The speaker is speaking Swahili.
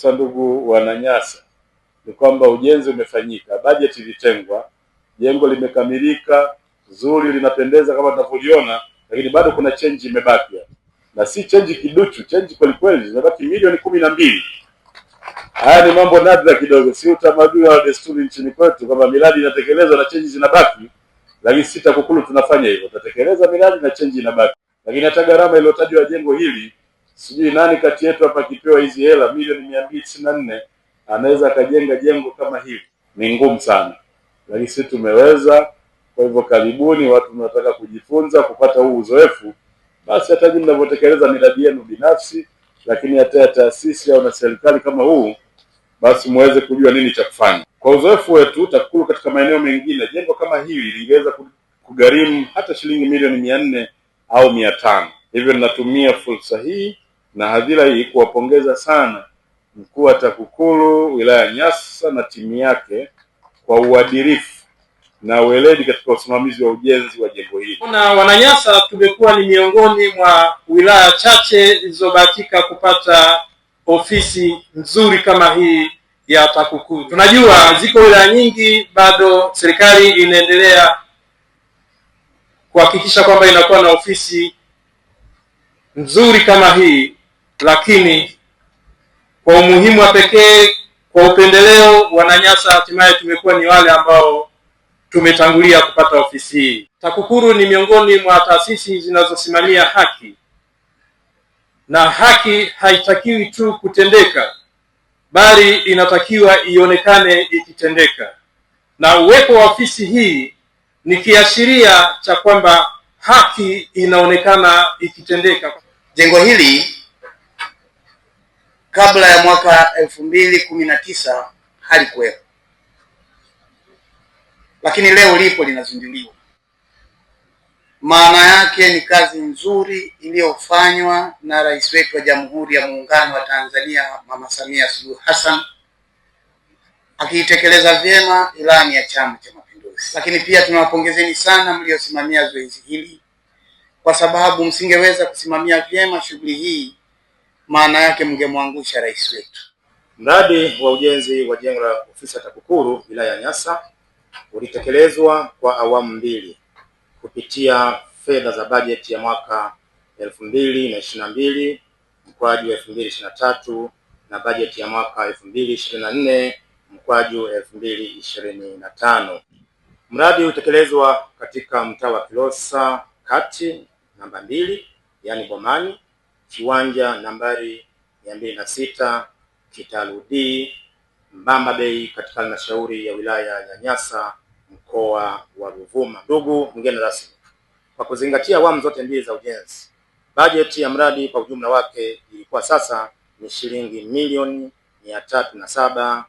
Sasa ndugu Wananyasa, ni kwamba ujenzi umefanyika, bajeti ilitengwa, jengo limekamilika zuri, linapendeza kama tunavyoliona, lakini bado kuna chenji imebaki, na si chenji kiduchu, chenji kwelikweli, zimebaki milioni kumi na mbili. Haya ni mambo nadra kidogo, si utamaduni wa desturi nchini kwetu kwamba miradi inatekelezwa na chenji zinabaki, lakini si TAKUKURU tunafanya hivyo, tutatekeleza miradi na chenji inabaki. Lakini hata gharama iliyotajwa jengo hili sijui nani kati yetu hapa akipewa hizi hela milioni mia mbili tisini na nne anaweza akajenga jengo kama hili? Ni ngumu sana, lakini sisi tumeweza. Kwa hivyo karibuni, watu mnataka kujifunza kupata huu uzoefu, basi hata jinsi mnavyotekeleza miradi yenu binafsi, lakini hata ya taasisi au na serikali kama huu, basi muweze kujua nini cha kufanya. Kwa uzoefu wetu, TAKUKURU katika maeneo mengine jengo kama hili lingeweza kugharimu hata shilingi milioni mia nne au mia tano. Hivyo ninatumia fursa hii na hadhira hii kuwapongeza sana mkuu wa TAKUKURU wilaya ya Nyasa na timu yake kwa uadilifu na weledi katika usimamizi wa ujenzi wa jengo hili. Na wananyasa tumekuwa ni miongoni mwa wilaya chache zilizobahatika kupata ofisi nzuri kama hii ya TAKUKURU. Tunajua ziko wilaya nyingi bado serikali inaendelea kuhakikisha kwamba inakuwa na ofisi nzuri kama hii lakini kwa umuhimu wa pekee, kwa upendeleo, wananyasa hatimaye tumekuwa ni wale ambao tumetangulia kupata ofisi hii. TAKUKURU ni miongoni mwa taasisi zinazosimamia haki, na haki haitakiwi tu kutendeka, bali inatakiwa ionekane ikitendeka, na uwepo wa ofisi hii ni kiashiria cha kwamba haki inaonekana ikitendeka. Jengo hili kabla ya mwaka elfu mbili kumi na tisa halikuwepo, lakini leo lipo linazinduliwa. Maana yake ni kazi nzuri iliyofanywa na rais wetu wa Jamhuri ya Muungano wa Tanzania Mama Samia Suluhu Hassan akiitekeleza vyema ilani ya Chama cha Mapinduzi. Lakini pia tunawapongezeni sana mliosimamia zoezi hili, kwa sababu msingeweza kusimamia vyema shughuli hii maana yake mngemwangusha rais wetu. Mradi wa ujenzi wa jengo la ofisi ya TAKUKURU wilaya ya Nyasa ulitekelezwa kwa awamu mbili kupitia fedha za bajeti ya mwaka elfu mbili na ishirini na mbili mkwaju elfu mbili ishirini na tatu na bajeti ya mwaka elfu mbili ishirini na nne mkwaju elfu mbili ishirini na tano. Mradi utekelezwa katika mtaa wa Kilosa kati namba mbili, yani Bomani kiwanja nambari mia mbili na sita kitalu D Mbamba Bay katika halmashauri ya wilaya ya nyasa mkoa wa Ruvuma. Ndugu mgeni rasmi, kwa kuzingatia awamu zote mbili za ujenzi, bajeti ya mradi kwa ujumla wake ilikuwa sasa ni shilingi milioni mia tatu na saba